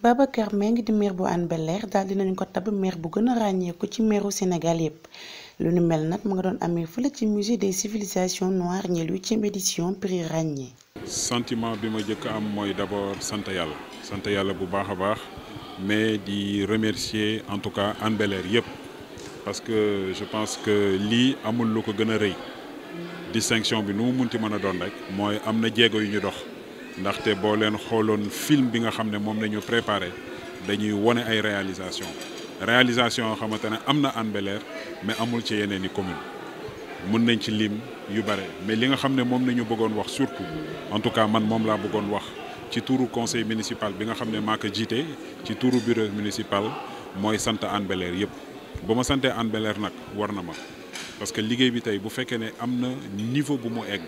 Baba Kermeng di maire bu Hann Bel-Air daal ko tab maire bu gën a ràññeeku ci meeru Sénégal yépp lu nu mel nak ma nga don amé fële ci musée des civilisations noires ñëlu ci édition prix ragné sentiment bima jëk am moy d'abord sante yalla sante yalla bu baax baax mais di remercier en tout cas Hann bel yépp parce que je pense que li amul lu ko gëna reuy distinction bi nu mu munti mën a rek moy amna djégo yu ñu dox ndaxte bo len xolone film bi nga xam mom lañu préparer dañuy woné ay réalisation réalisation yoo amna ne mais amul ci yeneen commune mën nañ ci lim yu bare mais li nga xam mom lañu bëggone wax surtout en tout cas man mom la bëggone wax ci touru conseil municipal bi nga xam ne jité ci touru bureau municipal moy sante Hann yépp buma sante ba nak warnama na parce que liguey bi tay bu fekkee ne amna, niveau bu mo egg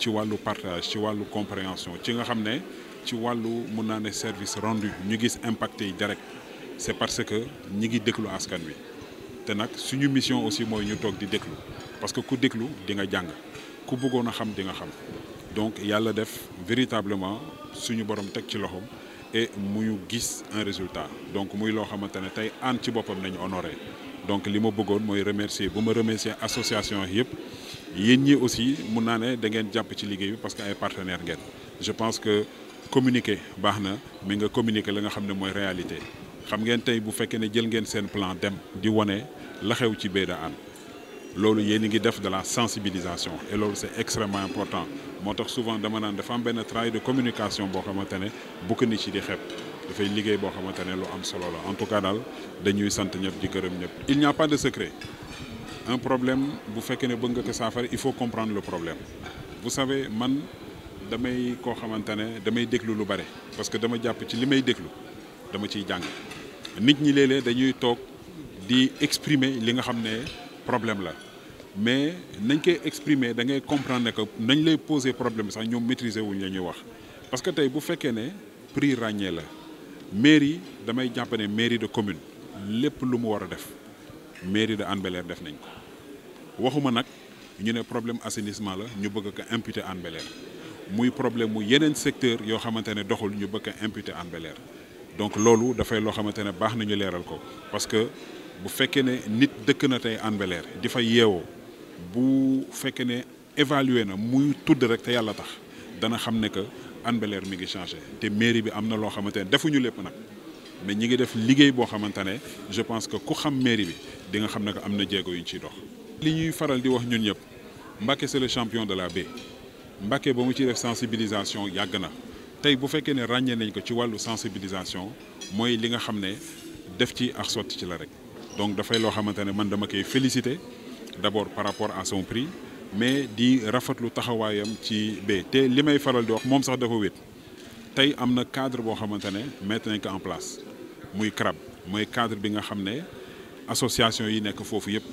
ci walu partage ci walu compréhension ci nga xamné ci walu mun service rendu ñu gis impacté direct c'est parce que ñi ngi déglu askan wi té nak suñu mission aussi moy ñu tok di déglu parce que ku déglu di nga jang ku bëggoon xam di nga xam donc yalla def véritablement suñu borom tek ci loxom et muyu gis un résultat donc muy lo xamante tay an ci bopam nañu honorer donc li ma bëggone moy remercier bu ma remercier association yépp yéen ñi aussi mun naa ne da ngeen ci bi parce que ay partenaire ngeen je pense que communiquer baax mais nga communiquer la nga xam ne réalité xam ngeen tey bu que ne jël ngeen seen plan dem di wane la xew ci Baie L'olu Hann ngi def de la sensibilisation et l'olu c'est extrêmement important moo souvent dama de faire am travail de communication boo xamante ne bukk de ci di xeeb dafay liggéey boo xamante ne lu am solo la en tout cas daal dañuy sant di gërëm il n'y a pas de secret un problème bu fekkee ne bëgg nga ko saafara il faut comprendre le problème vous savez man damay koo xamante demain damay déglu lu bare parce que dama jàpp ci li may déglu dama ciy jàng nit ñi léeg-léeg dañuy toog di exprimer li nga xam problème la mais nañ koy exprimer da ngay comprendre que n'importe lay poser problème sax ñoom maîtriser wuñ la a wax parce que tey bu fekkee ne prix ràññee la mairie damay jàpp ne mairie de commune les lu mu war def mairie de Hann def nañ ko waxuma nag ñu ne problème assainissement la ñu bëgg ko imputer Hann Bel-Air muy problème mu yeneen secteur yoo xamante ne doxul ñu bëgg a imputer Hann Bel-Air donc loolu dafay loo xamante ne baax nañu leeral ko parce que bu fekkee ne nit dëkk na tey Hann Bel-Air di fa yeewoo bu fekkee ne évaluer na muy tudd rek te yàlla tax dana xam ne que Hann Bel-Air mi ngi changé te mairie bi am na loo xamante ne defuñu lépp nag mais ñi ngi def liggéey boo xamante ne je pense que ku xam mairie bi di nga xam ne que am na jéego yu ñu ciy dox. li ñuy faral di wax ñun ñëpp Mbacké c'est le champion de la B. Mbacké ba mu ciy def sensibilisation yagna. na tey bu fekkee ne ràññee nañ ko ci wàllu sensibilisation mooy li nga xam ne def ci ak ci la rek donc dafay loo xamante ne man dama féliciter d'abord par rapport à son prix mais di rafetlu taxawaayam ci baie te li may faral di wax moom sax dafa wét tey am cadre boo xamante ne mettre nañ en place muy CRAB mooy cadre bi nga xam association yi nekk foofu yëpp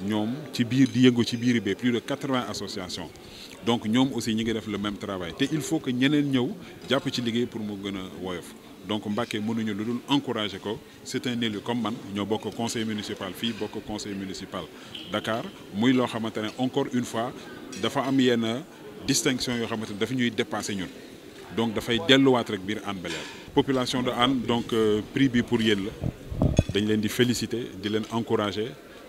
ñoom ci biir di yëngu ci biir bi plus de 80 associations donc ñoom aussi ñi ngi def le même travail te il faut que ñeneen ñëw jàpp ci liggéey pour mu gën a woyof donc Mbacké mënuñu lu dul encourager ko c'est un élu comme man ñoo bokk conseil municipal fii bokk conseil municipal Dakar muy loo xamante encore une fois dafa am yenn distinction yoo xamante ne dafa ñuy dépasser ñun donc dafay delluwaat rek biir Hann Bel-Air population de Hann donc euh, prix pour yéen la dañ leen di féliciter di leen encourager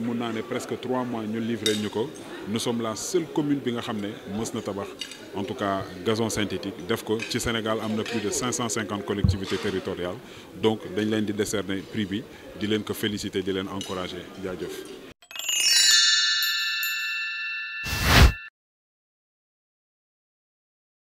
Nous avons presque trois mois ñu livrer nous sommes la seule commune qui a mis en en tout cas gazon synthétique def ko Sénégal a plus de 550 collectivités territoriales donc dañ leen di décerner prix bi di leen ko féliciter di encourager